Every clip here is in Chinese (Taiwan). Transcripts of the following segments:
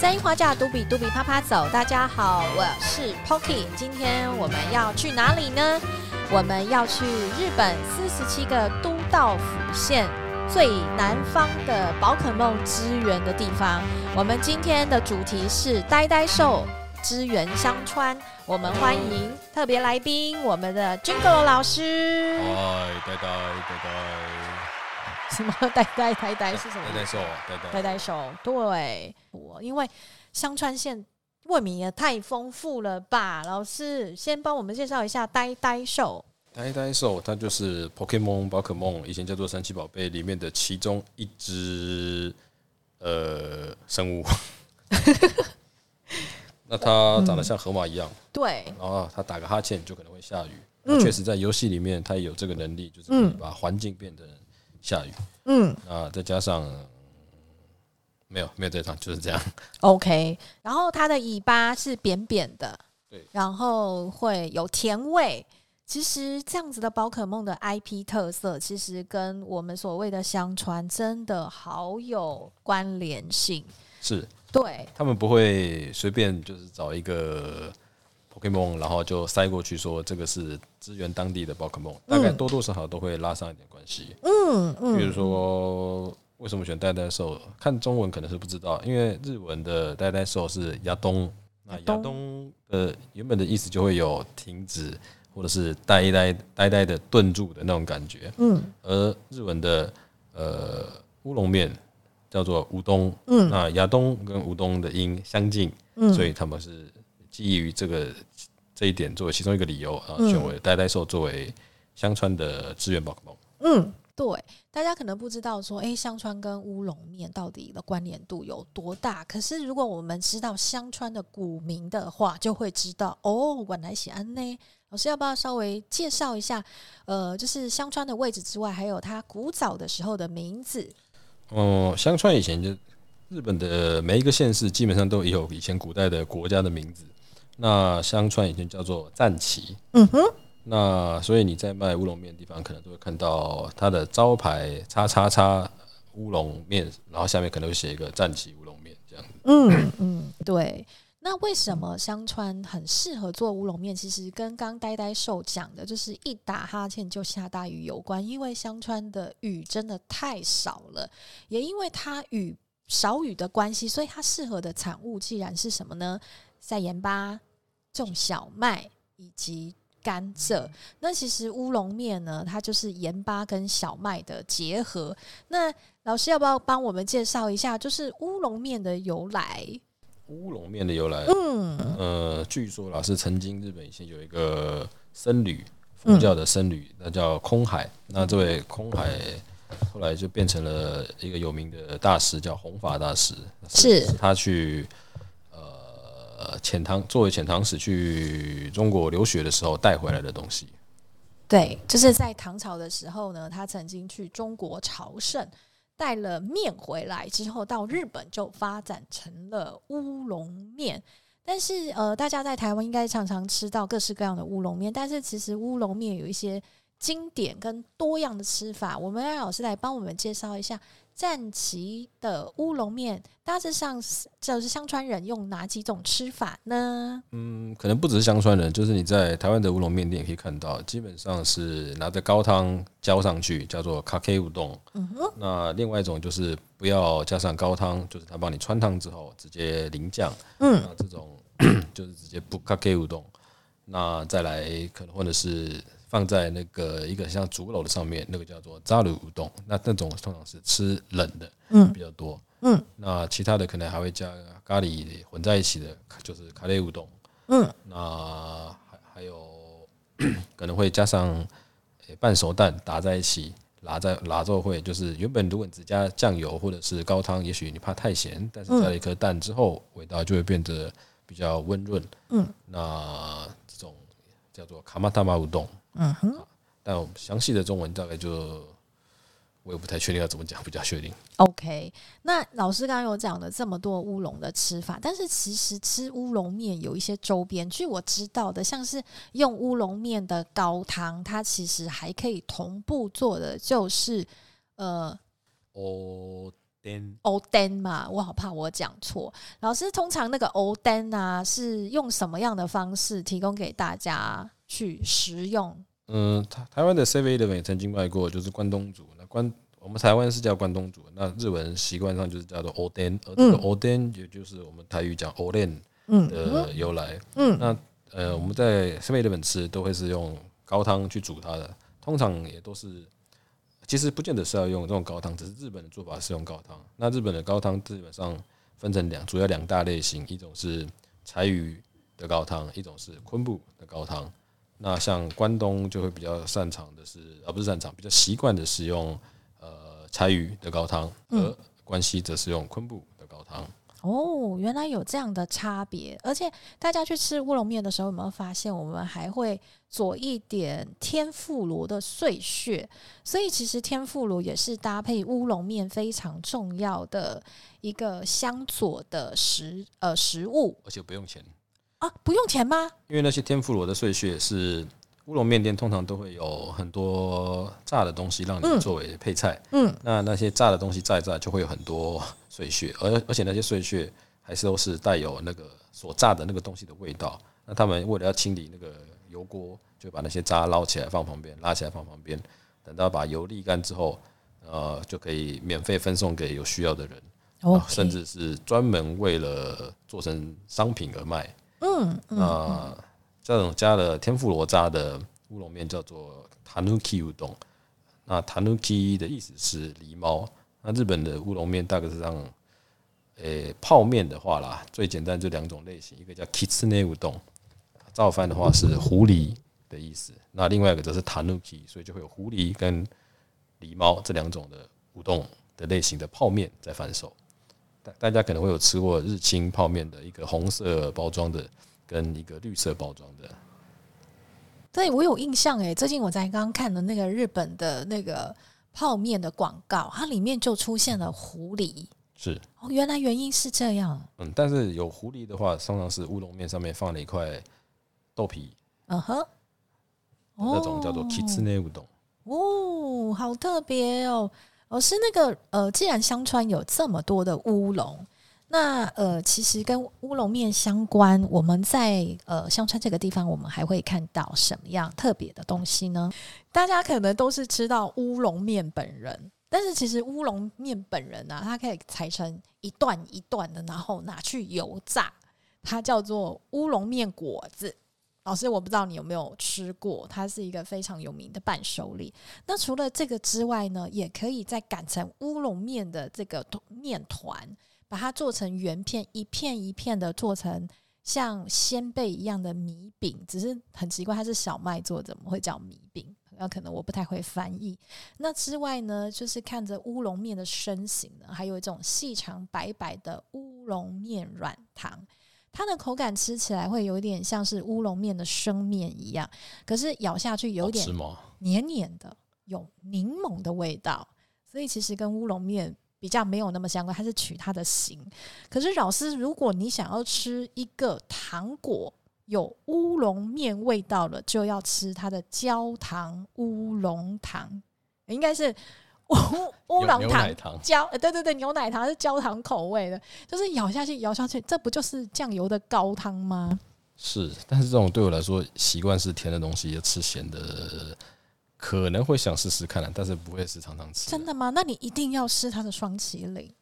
三英華甲，度比度比趴趴走，大家好，我是 Poki，今天我們要去哪裡呢？我們要去日本四十七個都道府縣最南方的寶可夢支援的地方。我們今天的主題是呆呆獸支援香川，我們歡迎特別來賓我們的ジンゴロ老師。嗨，呆呆，呆呆。什麼呆呆，呆呆是什麼？呆呆獸，呆呆呆呆獸，對，我因為香川縣未免也太豐富了吧？老師先幫我們介紹一下呆呆獸。呆呆獸，它就是 Pokémon 寶可夢，以前叫做神奇寶貝裡面的其中一隻呃生物。那它長得像河馬一樣，對。哦，它打個哈欠就可能會下雨。那確實在遊戲裡面，它也有這個能力，就是把環境變得。下雨，嗯，啊，再加上沒有沒有這場就是這樣。OK，然後它的尾巴是扁扁的，對，然後會有甜味。其實這樣子的寶可夢的 IP 特色，其實跟我們所謂的香川真的好有關聯性。是對，他們不會隨便就是找一個。Pokemon，然後就塞過去說這個是支援當地的 Pokemon，、嗯、大概多多少少都會拉上一點關係。嗯，嗯。比如說為什麼選呆呆獸？看中文可能是不知道，因為日文的呆呆獸是亞東，那亞東的原本的意思就會有停止或者是呆呆呆呆的頓住的那種感覺。嗯，而日文的呃烏龍麵叫做烏冬，嗯、那亞東跟烏冬的音相近，嗯、所以他們是。基於這個這一點，作為其中一個理由啊，選為呆呆獸作為香川的支援寶可夢。嗯，嗯，對，大家可能不知道說，哎、欸，香川跟烏龍麵到底的關聯度有多大？可是如果我們知道香川的古名的話，就會知道哦，原來是這樣呢。老師要不要稍微介紹一下？呃，就是香川的位置之外，還有它古早的時候的名字。哦、呃，香川以前就日本的每一個縣市，基本上都有以前古代的國家的名字。那香川以前叫做讚岐，嗯哼，那所以你在賣烏龍麵的地方，可能都會看到它的招牌“叉叉叉烏龍面”，然後下面可能會寫一個“讚岐烏龍面”這樣子。嗯嗯，對。那為什麼香川很適合做烏龍面？其實跟剛剛呆呆獸講的，就是一打哈欠就下大雨有關。因為香川的雨真的太少了，也因為它雨少雨的關係，所以它適合的產物既然是什麼呢？曬鹽巴。種小麥以及甘蔗，那其實烏龍麵呢，它就是鹽巴跟小麥的結合。那老師要不要幫我們介紹一下，就是烏龍麵的由來？烏龍麵的由來，嗯，呃，據說老師曾經日本以前有一個僧侶，佛教的僧侶，那叫空海。嗯，那這位空海後來就變成了一個有名的大師，叫弘法大師。是，是，是他去。呃，遣唐作為遣唐使去中國留學的時候帶回來的東西，對，就是在唐朝的時候呢，他曾經去中國朝聖，帶了麵回來之後，到日本就發展成了烏龍麵。但是，呃，大家在台灣應該常常吃到各式各樣的烏龍麵，但是其實烏龍麵有一些經典跟多樣的吃法，我們讓老師來幫我們介紹一下。讚岐的烏龍麵，大致上就是香川人用哪幾種吃法呢？嗯，可能不只是香川人，就是你在台灣的烏龍麵店也可以看到，基本上是拿着高湯澆上去，叫做かけうどん。嗯哼，那另外一種就是不要加上高湯，就是他幫你汆燙之後直接淋醬。嗯，這種 就是直接ぶっかけうどん。那再來可能或者是。放在那個一個像竹簍的上面，那個叫做扎魯烏冬，那那種通常是吃冷的，比較多，嗯嗯、那其他的可能還會加咖喱混在一起的，就是咖喱烏冬，嗯、那還還有可能會加上半熟蛋打在一起，拉在拿之後會，就是原本如果你只加醬油或者是高湯，也許你怕太鹹，但是加了一顆蛋之後，嗯、味道就會變得比較溫潤，嗯、那這種叫做卡瑪塔瑪烏冬。嗯哼、uh huh.，但詳細的中文大概就我也不太確定要怎麼講，比較確定。OK，那老師剛剛有講了這麼多烏龍的吃法，但是其實吃烏龍麵有一些周邊，據我知道的，像是用烏龍麵的高湯，它其實還可以同步做的就是呃，o den o den 嘛，我好怕我講錯。老師通常那個 o den 啊，是用什麼樣的方式提供給大家、啊？去食用，嗯，台台灣的7-11也曾經賣過，就是關東煮。那關我們台灣是叫關東煮，那日文習慣上就是叫做 oden，而這個 oden 也就是我們台語講 oden 的由來。嗯，嗯嗯那呃我們在7-11吃都會是用高湯去煮它的，通常也都是其實不見得是要用這種高湯，只是日本的做法是用高湯。那日本的高湯基本上分成兩主要兩大類型，一種是柴魚的高湯，一種是昆布的高湯。那像關東就會比較擅長的是而、啊、不是擅長，比較習慣的是用呃柴魚的高湯，呃，關西則是用昆布的高湯、嗯。哦，原來有這樣的差別，而且大家去吃烏龍麵的時候有沒有發現，我們還會佐一點天婦羅的碎屑，所以其實天婦羅也是搭配烏龍面非常重要的一個相佐的食呃食物，而且不用錢。啊，不用錢嗎？因為那些天婦羅的碎屑是烏龍麵店通常都會有很多炸的東西，讓你作為配菜。嗯，嗯，那那些炸的東西炸一炸就會有很多碎屑，而而且那些碎屑還是都是帶有那個所炸的那個東西的味道。那他們為了要清理那個油鍋，就把那些渣撈起來放旁邊，拉起來放旁邊，等到把油瀝乾之後，呃，就可以免費分送給有需要的人，Okay. 甚至是專門為了做成商品而賣。嗯，嗯嗯啊，這種加了天婦羅渣的烏龍麵叫做 Tanuki 烏冬。那 Tanuki 的意思是狸貓。那日本的烏龍麵大概是這樣：，誒、欸，泡麵的話啦，最簡單就兩種類型，一個叫 Kitsune udon，造飯的話是狐狸的意思。那另外一個則是 Tanuki，所以就會有狐狸跟狸貓這兩種的烏冬的類型的泡麵在發售。大家可能會有吃過日清泡麵的一個紅色包裝的，跟一個綠色包裝的。對，我有印象誒，最近我才剛看的那個日本的那個泡麵的廣告，它裡面就出現了狐狸。是哦，原來原因是這樣。嗯，但是有狐狸的話，通常，常是烏龍麵上面放了一塊豆皮。嗯哼、uh，huh oh，那種叫做 Kitsune Udon 哦，哦，好特別哦。老師，那個呃，既然香川有這麼多的烏龍，那呃，其實跟烏龍麵相關，我們在呃香川這個地方，我們還會看到什麼樣特別的東西呢？大家可能都是知道烏龍麵本人，但是其實烏龍麵本人呢、啊，它可以裁成一段一段的，然後拿去油炸，它叫做烏龍麵果子。老師，我不知道你有沒有吃過，它是一個非常有名的伴手禮。那除了這個之外呢，也可以再擀成烏龍麵的這個麵糰，把它做成圓片，一片一片的做成像仙貝一樣的米餅。只是很奇怪，它是小麥做的，怎麼會叫米餅？那可能我不太會翻譯。那之外呢，就是看着烏龍麵的身形呢，還有一種細長白白的烏龍麵軟糖。它的口感吃起來會有點像是烏龍麵的生面一樣，可是咬下去有點黏黏的，有檸檬的味道，所以其實跟烏龍麵比較沒有那麼相關，它是取它的形。可是老師，如果你想要吃一個糖果有烏龍麵味道了，就要吃它的焦糖烏龍糖，應該是。烏烏龍糖，糖焦，對對對，牛奶糖是焦糖口味的，就是咬下去，咬下去，這不就是醬油的高湯嗎？是，但是這種對我來說，習慣是甜的東西，也吃鹹的可能會想試試看，啊，但是不會是常常吃，啊。真的嗎？那你一定要試它的霜淇淋。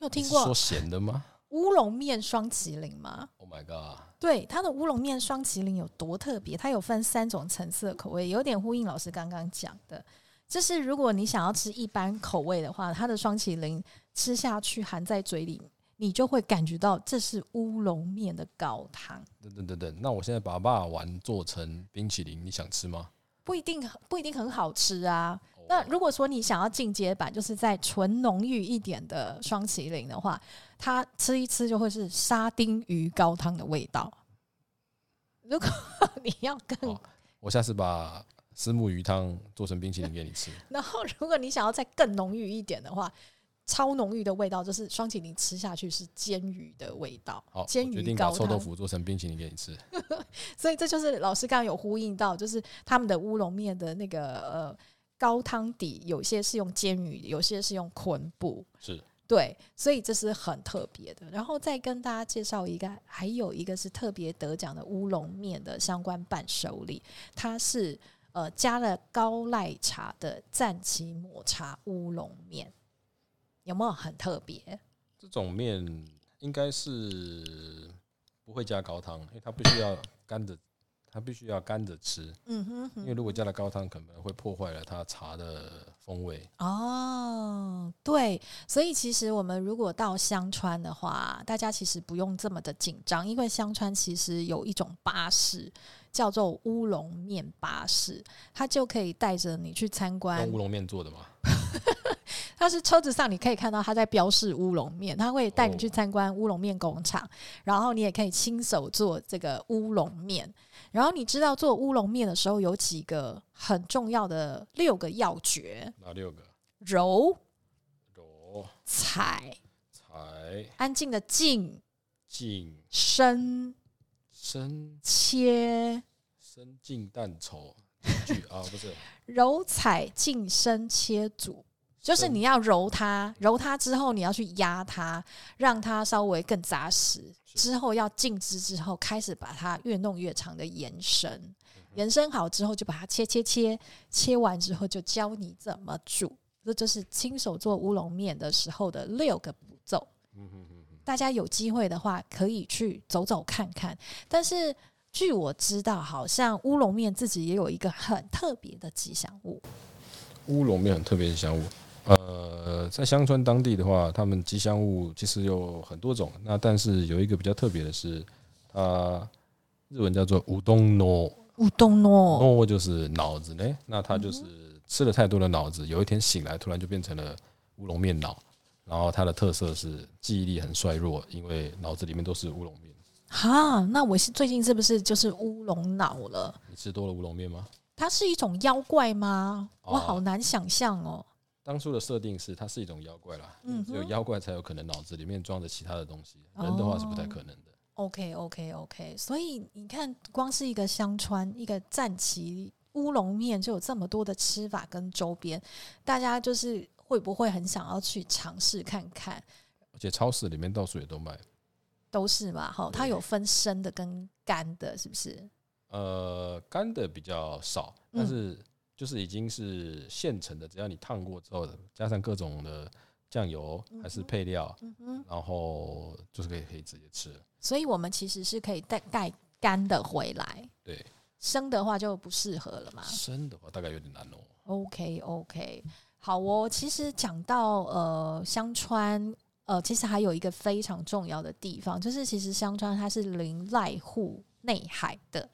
有聽過？是說鹹的嗎？烏龍麵霜淇淋嗎？Oh my god！對，它的烏龍麵霜淇淋有多特別？它有分三種層次口味，有點呼應老師剛剛講的。就是如果你想要吃一般口味的話，它的霜淇淋吃下去含在嘴裡，你就會感覺到這是烏龍麵的高湯。等等等等，那我現在把瓦丸做成冰淇淋，你想吃嗎？不一定不一定很好吃啊。Oh. 那如果說你想要進階版，就是在純濃郁一點的霜淇淋的話，它吃一吃就會是沙丁魚高湯的味道。如果你要跟、oh. 我下次把。私木魚湯做成冰淇淋給你吃， 然後如果你想要再更濃郁一點的話，超濃郁的味道就是霜淇淋吃下去是煎魚的味道。好，我決定搞臭豆腐做成冰淇淋給你吃。 所以這就是老師剛剛有呼應到，就是他們的烏龍麵的那個呃高湯底，有些是用煎魚，有些是用昆布。是，是，對，所以這是很特別的。然後再跟大家介紹一個，還有一個是特別得獎的烏龍麵的相關伴手禮，它是。呃，加了高瀨茶的讚岐抹茶烏龍麵，有沒有很特別？這種麵應該是不會加高湯，因為它不需要乾的。他必須要乾着吃，嗯哼，哼，因為如果加了高湯，可能會破壞了他茶的風味。哦，對，所以其實我們如果到香川的話，大家其實不用這麼的緊張，因為香川其實有一種巴士叫做烏龍麵巴士，它就可以帶着你去參觀。用烏龍麵做的嗎？ 但是車子上你可以看到他在標示烏龍麵，他會帶你去參觀烏龍麵工廠，Oh. 然後你也可以親手做這個烏龍麵。然後你知道做烏龍麵的時候有幾個很重要的六個要訣？哪六個？揉揉踩踩安靜的靜靜靜深，深切深靜蛋炒啊，不是揉踩靜，深切組，切煮。就是你要揉它，揉它之後你要去壓它，讓它稍微更紮實。之後要靜置之後，開始把它越弄越長的延伸，延伸好之後就把它切切切，切完之後就教你怎麼煮。這就是親手做烏龍麵的時候的六個步驟。嗯嗯嗯，大家有機會的話可以去走走看看。但是據我知道，好像烏龍麵自己也有一個很特別的吉祥物。烏龍麵很特別的吉祥物。呃，在香川當地的話，他們吉祥物其實有很多種。那但是有一個比較特別的是，它日文叫做烏冬諾。烏冬諾諾就是腦子呢，那他就是吃了太多的腦子，有一天醒來突然就變成了烏龍麵腦。然後它的特色是記憶力很衰弱，因為腦子裡面都是烏龍麵。哈、啊，那我是最近是不是就是烏龍腦了？你吃多了烏龍麵嗎？它是一種妖怪嗎？我好難想象哦。啊當初的設定是它是一種妖怪啦，嗯哼，只有妖怪才有可能腦子裡面裝着其他的東西，嗯、哼人的話是不太可能的。哦、OK OK OK，所以你看，光是一個香川一個讚岐烏龍麵就有這麼多的吃法跟周邊，大家就是會不會很想要去嘗試看看？而且超市裡面到處也都賣，都是嘛。哈，對它有分生的跟乾的，是不是？呃，乾的比較少，但是、嗯。就是已經是現成的，只要你燙過之後，加上各種的醬油還是配料，嗯嗯、然後就是可以可以直接吃。所以我們其實是可以帶帶乾的回來。對，生的話就不適合了嘛。生的話大概有點難哦。OK OK，好哦。其實講到呃香川，呃,呃其實還有一個非常重要的地方，就是其實香川它是臨瀨戶內海的。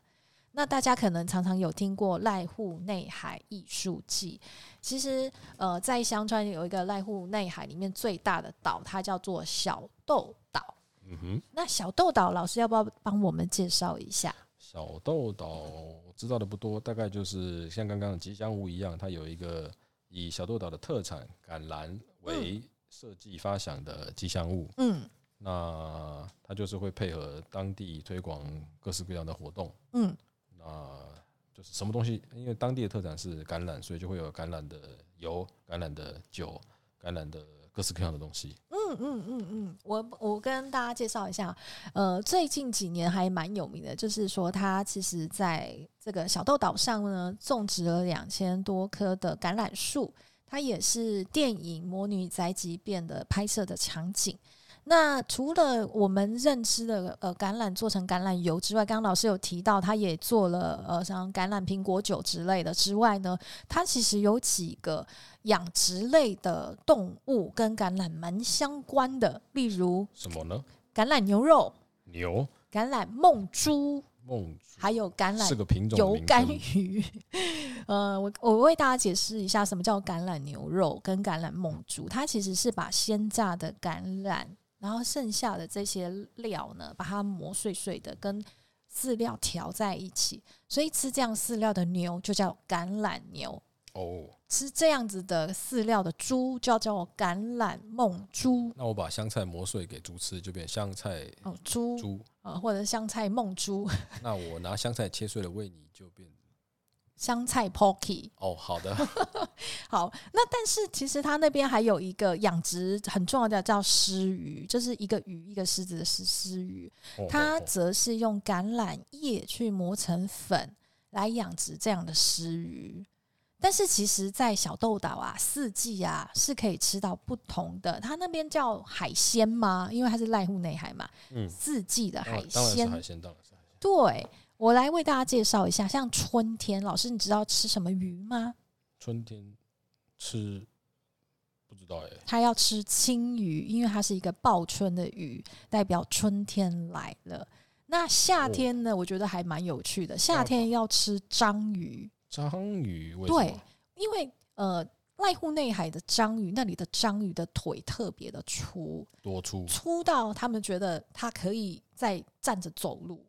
那大家可能常常有聽過瀨戶內海藝術祭，其實呃，在香川有一個瀨戶內海裡面最大的島，它叫做小豆島。嗯哼，那小豆島，老師要不要幫我們介紹一下？小豆島我知道的不多，大概就是像剛剛的吉祥物一樣，它有一個以小豆島的特產橄欖為設計發想的吉祥物。嗯，那它就是會配合當地推廣各式各樣的活動。嗯。啊、呃，就是什麼東西，因為當地的特產是橄欖，所以就會有橄欖的油、橄欖的酒、橄欖的各式各樣的東西。嗯嗯嗯嗯，我我跟大家介紹一下，呃，最近幾年還蠻有名的，就是說它其實在這個小豆島上呢種植了兩千多棵的橄欖樹，它也是電影《魔女宅急便》的拍攝的場景。那除了我們認知的呃橄欖做成橄欖油之外，剛剛老師有提到，他也做了呃像橄欖蘋果酒之類的之外呢，它其實有幾個養殖類的動物跟橄欖蠻相關的，例如什麼呢？橄欖牛肉牛，橄欖夢豬夢，還有橄欖油甘魚。呃，我我為大家解釋一下什麼叫橄欖牛肉跟橄欖夢豬，它其實是把鮮榨的橄欖。然後剩下的這些料呢，把它磨碎碎的，跟飼料調在一起，所以吃這樣飼料的牛就叫橄欖牛哦。吃這樣子的飼料的豬就要叫我橄欖夢豬，嗯。那我把香菜磨碎給豬吃，就變香菜豬哦豬豬，啊，或者香菜夢豬。嗯，那我拿香菜切碎了喂你，就變。香菜 Poki 哦，oh, 好的。 好，那但是其實它那邊還有一個養殖很重要的叫獅魚，就是一個魚一個獅子的獅獅魚，它則是用橄欖葉去磨成粉來養殖這樣的獅魚。但是其實，在小豆島啊，四季啊是可以吃到不同的。它那邊叫海鮮嗎？因為它是瀨戶內海嘛，嗯，四季的海鮮，當然是海鮮，當然是海鮮，對。我來為大家介紹一下，像春天，老師你知道吃什麼魚嗎？春天吃不知道耶、欸。他要吃青魚，因為它是一個報春的魚，代表春天來了。那夏天呢？哦、我覺得還蠻有趣的。夏天要吃章魚。章魚，為什麼？對，因為呃，瀨戶內海的章魚，那裡的章魚的腿特別的粗，多粗，粗到他們覺得它可以再站着走路。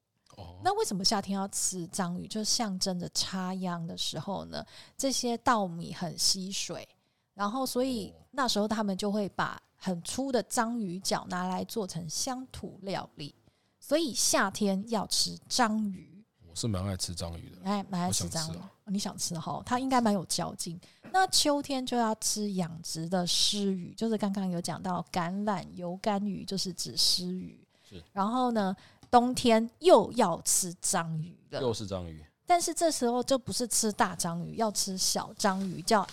那為什麼夏天要吃章魚？就是象徵着插秧的時候呢？這些稻米很吸水，然後所以那時候他們就會把很粗的章魚腳拿來做成鄉土料理，所以夏天要吃章魚。我是蠻愛吃章魚的，哎，蠻愛吃章魚。想啊哦、你想吃哈？它、哦、應該蠻有嚼勁。那秋天就要吃養殖的鰤魚，就是剛剛有講到橄欖油甘魚，就是指鰤魚。是然後呢？冬天又要吃章魚的，又是章魚，但是這時候就不是吃大章魚，要吃小章魚，叫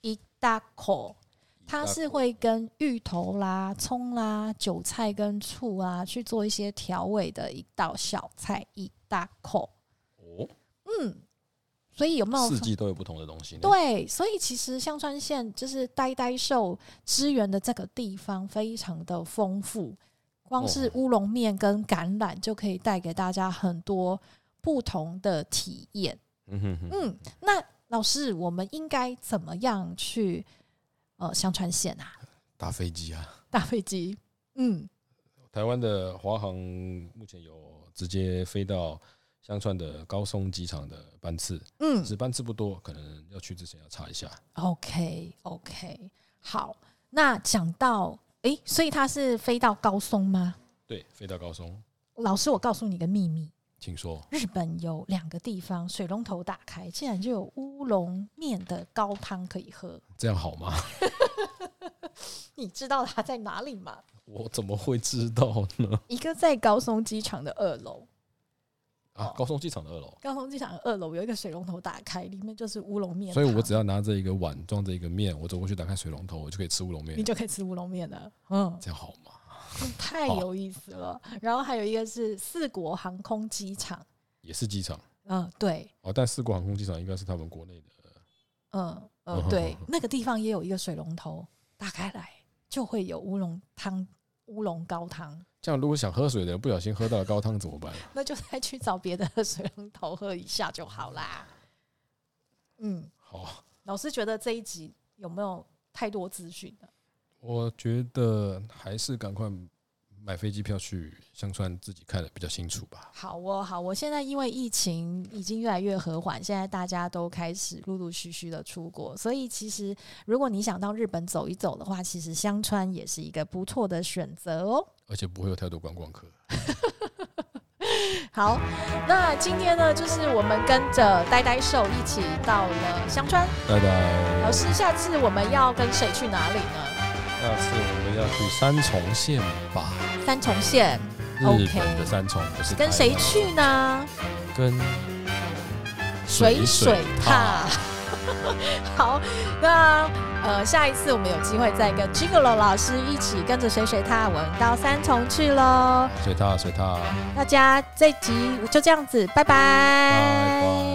一大口，它是會跟芋頭啦、蔥啦、韭菜跟醋啊去做一些調味的一道小菜，一大口。哦，嗯，所以有沒有四季都有不同的東西？對，所以其實香川縣就是呆呆獸支援的這個地方非常的豐富。光是烏龍麵跟橄欖就可以帶給大家很多不同的體驗，嗯。嗯哼，哼，那老師，我們應該怎麼樣去呃香川縣啊？搭飛機啊！搭飛機。嗯，台灣的華航目前有直接飛到香川的高松機場的班次。嗯，只是班次不多，可能要去之前要查一下。OK，OK，okay, okay, 好。那講到。誒，所以他是飛到高松嗎？對，飛到高松。老師，我告訴你個秘密。請說。日本有兩個地方，水龍頭打開竟然就有烏龍麵的高湯可以喝，這樣好嗎？ 你知道它在哪裡嗎？我怎麼會知道呢？一個在高松機場的二樓。啊，高松機場的二樓，高松機場的二樓有一個水龍頭打開，裡面就是烏龍麵。所以我只要拿着一個碗裝着一個麵，我走過去打開水龍頭，我就可以吃烏龍麵。你就可以吃烏龍麵了，嗯，這樣好嗎？太有意思了。好然後還有一個是四國航空機場，也是機場，嗯，對。哦，但四國航空機場應該是他們國內的，嗯嗯、呃，對， 那個地方也有一個水龍頭打開來，就會有烏龍湯。烏龍高湯，這樣如果想喝水的人不小心喝到了高湯怎麼辦？ 那就再去找別的水龍頭喝一下就好啦。嗯，好啊。老師覺得這一集有沒有太多資訊呢？我覺得還是趕快。買飛機票去香川自己看得比較清楚吧，好、哦。好、哦，我好，我現在因為疫情已經越來越和緩，現在大家都開始陸陸續續的出國，所以其實如果你想到日本走一走的話，其實香川也是一個不錯的選擇哦。而且不會有太多觀光客。 好，那今天呢，就是我們跟着呆呆獸一起到了香川。拜拜呆。老師，下次我們要跟誰去哪裡呢？下次我們要去三重縣吧？三重縣，日本的三重不是 Okay？跟誰去呢？跟水水踏。水水踏 好，那呃，下一次我們有機會再跟 Jingoro 老師一起跟着水水踏，我們到三重去嘍。水踏水踏，大家這集就這樣子，嗯、拜拜。拜拜。